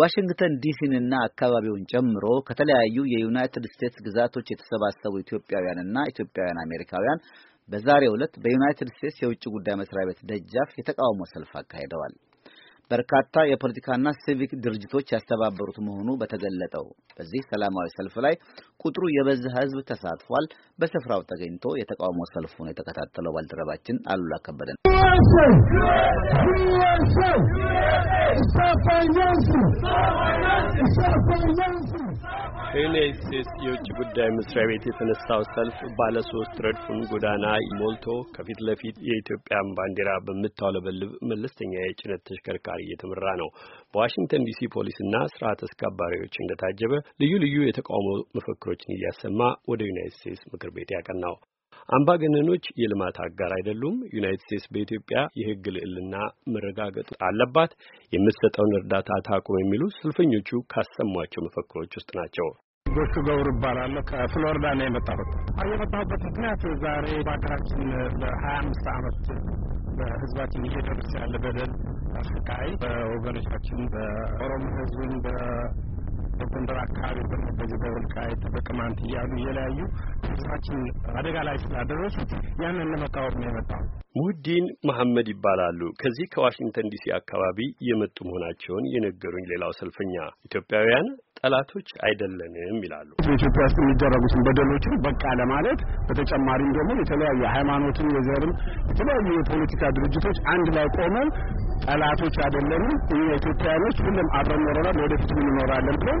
ዋሽንግተን ዲሲንና አካባቢውን ጨምሮ ከተለያዩ የዩናይትድ ስቴትስ ግዛቶች የተሰባሰቡ ኢትዮጵያውያንና ኢትዮጵያውያን አሜሪካውያን በዛሬ ዕለት በዩናይትድ ስቴትስ የውጭ ጉዳይ መስሪያ ቤት ደጃፍ የተቃውሞ ሰልፍ አካሂደዋል። በርካታ የፖለቲካና ሲቪክ ድርጅቶች ያስተባበሩት መሆኑ በተገለጠው በዚህ ሰላማዊ ሰልፍ ላይ ቁጥሩ የበዛ ሕዝብ ተሳትፏል። በስፍራው ተገኝቶ የተቃውሞ ሰልፉን የተከታተለው ባልደረባችን አሉላ ከበደ ነው። ከዩናይት ስቴትስ የውጭ ጉዳይ መስሪያ ቤት የተነሳው ሰልፍ ባለ ሶስት ረድፉን ጎዳና ሞልቶ ከፊት ለፊት የኢትዮጵያን ባንዲራ በምታውለበልብ መለስተኛ የጭነት ተሽከርካሪ እየተመራ ነው። በዋሽንግተን ዲሲ ፖሊስና ስርዓት አስከባሪዎች እንደታጀበ ልዩ ልዩ የተቃውሞ መፈክሮችን እያሰማ ወደ ዩናይት ስቴትስ ምክር ቤት ያቀናው አምባገነኖች የልማት አጋር አይደሉም። ዩናይትድ ስቴትስ በኢትዮጵያ የሕግ ልዕልና መረጋገጥ አለባት፣ የምትሰጠውን እርዳታ ታቁም የሚሉ ሰልፈኞቹ ካሰሟቸው መፈክሮች ውስጥ ናቸው። ጎሹ ገብሩ እባላለሁ። ከፍሎሪዳ ነው የመጣሁት። የመጣሁበት ምክንያት ዛሬ በሀገራችን ለሀያ አምስት አመት በህዝባችን እየደረሰ ያለ በደል አሰቃይ በወገኖቻችን በኦሮሞ ህዝብን በጎንደር አካባቢ በዚህ በወልቃይት በቅማንት እያሉ እየለያዩ ህዝባችን አደጋ ላይ ስላደረሱ ያንን ለመቃወም ነው የመጣው። ሙህዲን መሐመድ ይባላሉ። ከዚህ ከዋሽንግተን ዲሲ አካባቢ የመጡ መሆናቸውን የነገሩኝ ሌላው ሰልፈኛ ኢትዮጵያውያን ጠላቶች አይደለንም ይላሉ። በኢትዮጵያ ውስጥ የሚደረጉትን በደሎችን በቃ ለማለት በተጨማሪም ደግሞ የተለያዩ ሃይማኖትን፣ የዘርም የተለያዩ የፖለቲካ ድርጅቶች አንድ ላይ ቆመን ጠላቶች አይደለንም እኛ ኢትዮጵያኖች ሁሉም አብረን ኖረናል፣ ወደፊትም እንኖራለን ብለን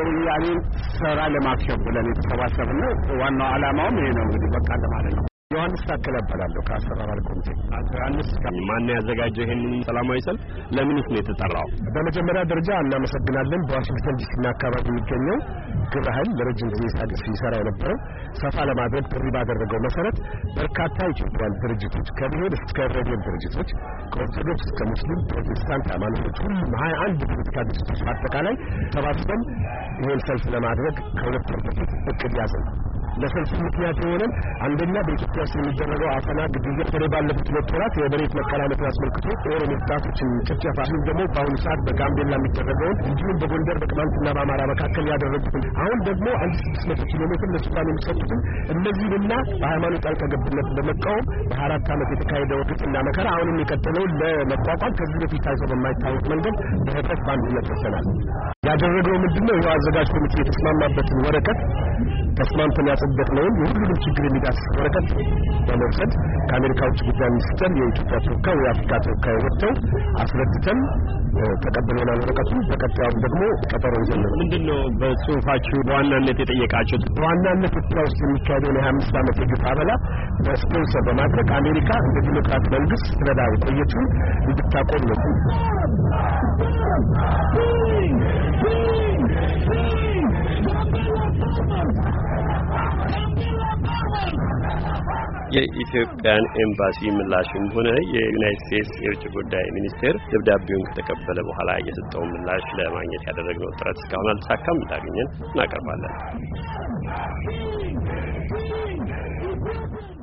የወያኔን ስራ ለማክሸፍ ብለን የተሰባሰብነው ዋናው ዓላማውም ይሄ ነው እንግዲህ በቃ ለማለት ነው። ዮሐንስ ታከለ እባላለሁ ከአስተባባሪ ኮሚቴ። አቶ ዮሐንስ ማን ያዘጋጀው ይሄንን ሰላማዊ ሰልፍ? ለምንስ ነው የተጠራው? በመጀመሪያ ደረጃ እናመሰግናለን። በዋሽንግተን ዲሲ እና አካባቢ የሚገኘው ግብረ ኃይል ለረጅም ጊዜ ሲሰራ የነበረው ሰፋ ለማድረግ ጥሪ ባደረገው መሰረት በርካታ ኢትዮጵያን ድርጅቶች ከብሔር እስከ ብሔር ድርጅቶች ከኦርቶዶክስ እስከ ሙስሊም፣ ፕሮቴስታንት ሃይማኖቶች ሁሉም ሀያ አንድ ፖለቲካ ድርጅቶች በአጠቃላይ ተባብሰን ይህን ሰልፍ ለማድረግ ከሁለት ወር በፊት እቅድ ነው። ለሰልፍ ምክንያት የሆነን አንደኛ በኢትዮጵያ ውስጥ የሚደረገው አፈና፣ ግድያ በተለይ ባለፉት ሁለት ወራት የመሬት አስመልክቶ የኦሮሞ ወጣቶችን ጭፍጨፋ እንዲሁም ደግሞ በአሁኑ ሰዓት በጋምቤላ የሚደረገውን እንዲሁም በጎንደር በቅማንትና በአማራ መካከል ያደረጉትን አሁን ደግሞ አንድ ስድስት መቶ ኪሎ ሜትር ለሱዳን የሚሰጡትን እነዚህንና በሃይማኖት ጣልቃ ገብነት በመቃወም በአራት ዓመት የተካሄደው ግፍና መከራ አሁንም የቀጠለውን ለመቋቋም ከዚህ በፊት ታይቶ በማይታወቅ መንገድ በህብረት በአንድነት ወሰናል። ያደረገው ምንድነው? ይኸው አዘጋጅ ኮሚቴ የተስማማበትን ወረቀት ተስማምተን ያጸደቅነውን የሁሉንም ችግር የሚዳስስ ወረቀት በመውሰድ ከአሜሪካ ውጭ ጉዳይ ሚኒስቴር የኢትዮጵያ ተወካይ ወይ የአፍሪካ ተወካይ ወጥተው አስረድተን ተቀብለናል ወረቀቱን። በቀጣዩ ደግሞ ቀጠሮ ይዘናል። ምንድን ነው በጽሁፋችሁ በዋናነት የጠየቃችሁት? በዋናነት ኢትዮጵያ ውስጥ የሚካሄደውን የሀያ አምስት ዓመት የግፍ አበላ በስፖንሰር በማድረግ አሜሪካ እንደ ዲሞክራት መንግስት ስትረዳ የቆየችውን እንድታቆም ነው። የኢትዮጵያን ኤምባሲ ምላሽም ሆነ የዩናይት ስቴትስ የውጭ ጉዳይ ሚኒስቴር ደብዳቤውን ከተቀበለ በኋላ የሰጠውን ምላሽ ለማግኘት ያደረግነው ጥረት እስካሁን አልተሳካም። እንዳገኘን እናቀርባለን።